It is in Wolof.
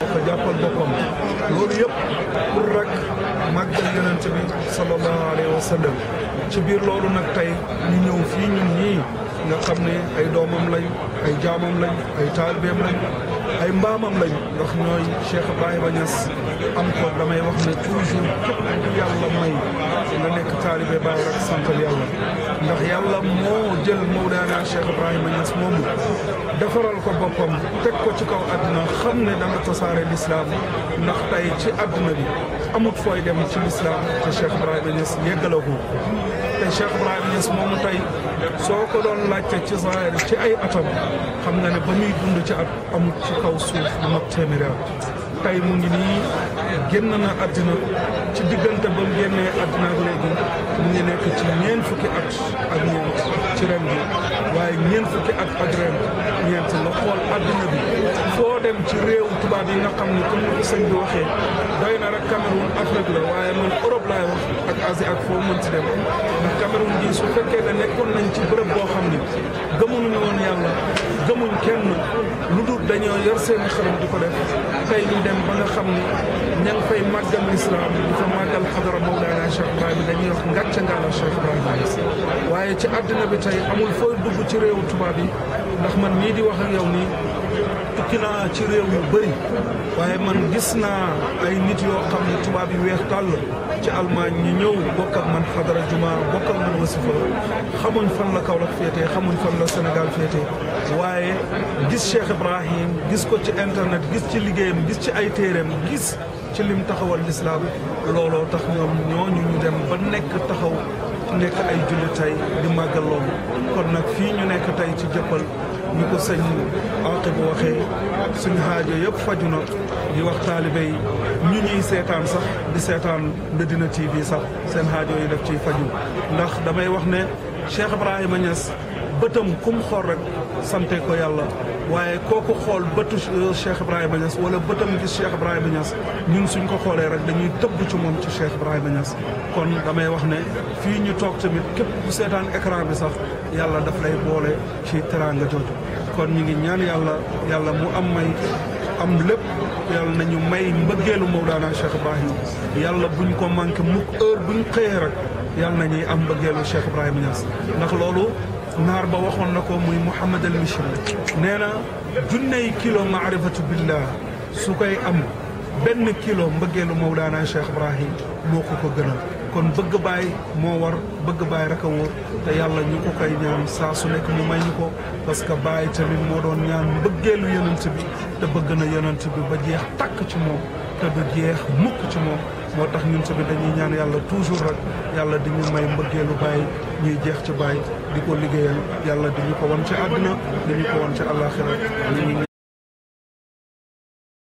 dafa jàppal boppam loolu yëpp pour rek màggal yonent bi sallallahu alayhi wa sallam ci biir loolu nag tey ñu ñëw fii ñun ñii nga xam ne ay doomam lañ ay jaamam lañ ay taalibeem lañ ay mbaamam lañu ndax ñooy Cheikh Ibrahima Niass am ko damay wax ne toujours képp yàlla may nga nekk taalibe Baay rek santal yàlla ndax yàlla moo jël Mawlaana Cheikh Ibrahima Niass moomu defaral ko boppam teg ko ci kaw àdduna xam ne danga tasaare lislaam ndax tey ci àdduna bi amut fooy dem ci lislaam te Cheikh Ibrahima Niass yeggala ko te Cheikh Ibrahima Niass moomu tey soo ko doon laajte ci zaahir ci ay atam xam nga ne ba muy dund ci at amut ci kaw suuf lu mat tey mu ngi nii génn na àddina ci diggante ba mu génnee àddina ak léegi mu ngi nekk ci ñeen fukki at ak ñeent ci ren waaye ñeen fukki at ak ren foo dem ci réew tubaab yi nga xam ne comme ni ko sëñ bi waxee doy na rek Cameroun Afrique la waaye man Europe laay wax ak Asie ak foo mën ci dem ndax Cameroun bii su fekkee ne nekkoon nañ ci bërëb boo xam ne gëmuñu ne woon yàlla gëmuñ kenn lu dul dañoo yor seen xaram di ko def tey ñu dem ba nga xam ni ña ngi fay màggal lislaam di fa màggal xadara Mawlaana Cheikh Ibrahima dañuy wax ngàcca ngaala Cheikh Ibrahima waaye ci àddina bi tey amul fooy dugg ci réewu ndax man nii di wax ak yow tukki naa ci réew yu bëri waaye man gis naa ay nit yoo xam ne tubaab yi weex tàll ci almaañ ñu ñëw bokk ak man xadara juma bokk ak man wasifa xamuñ fan la Kaolack féetee xamuñ fan la Sénégal féetee waaye gis Cheikh Ibrahim gis ko ci internet gis ci liggéeyam gis ci ay téereem gis ci lim taxawal lislaam looloo tax ñoom ñooñu ñu dem ba nekk taxaw nekk ay jullit tey di màggal kon nag fii ñu nekk tey ci jëppal ñu ko sëñ Aaqib bu waxee suñu xaajo yëpp faju na di wax taalibe yi ñu ñuy seetaan sax di seetaan Medina TV sax seen xaajo yi def ciy faju ndax damay wax ne Cheikh Ibrahima Niass bëtam ku mu xool rek sante ko yàlla waaye kooku xool bëtu euh, Cheikh Ibrahima ñas wala bëtam gis Cheikh Ibrahima Niass ñun suñ ko xoolee rek dañuy tëbb ci moom ci Cheikh Ibrahima Niass kon damay wax ne fii ñu toog tamit képp ku seetaan écran bi sax yàlla daf lay boole ci teraanga jooju kon ñu ngi ñaan yàlla yàlla mu am may am lépp yàlla nañu may mbëggeelu Mawlana Cheikh Ibrahima yàlla bu ñu ko manqué mukk heure buñ xëyee rek yàlla nañuy am mbëggeelu Cheikh Ibrahima Niass ndax loolu naar ba waxoon na ko muy Mouhamad al Misri nee na junney kilo maarifatu billah su koy am benn kilo mbëggeelu Mawlaana Cheikh Ibrahim moo ko ko gënal kon bëgg baay moo war bëgg baay rek a wóor te yàlla ñu ko koy ñaan saa su nekk mu may ñu ko parce que baay tamit moo doon ñaan mbëggeelu yonent bi te bëgg na yonent bi ba jeex tàkk ci moom te du jeex mukk ci moom moo tax ñun tamit dañuy ñaan yàlla toujours rek yàlla di ñu may mbëggeelu baay ñuy jeex ci baay di ko liggéeyal yàlla di ñu ko wan ci àdduna di ñu ko wan ci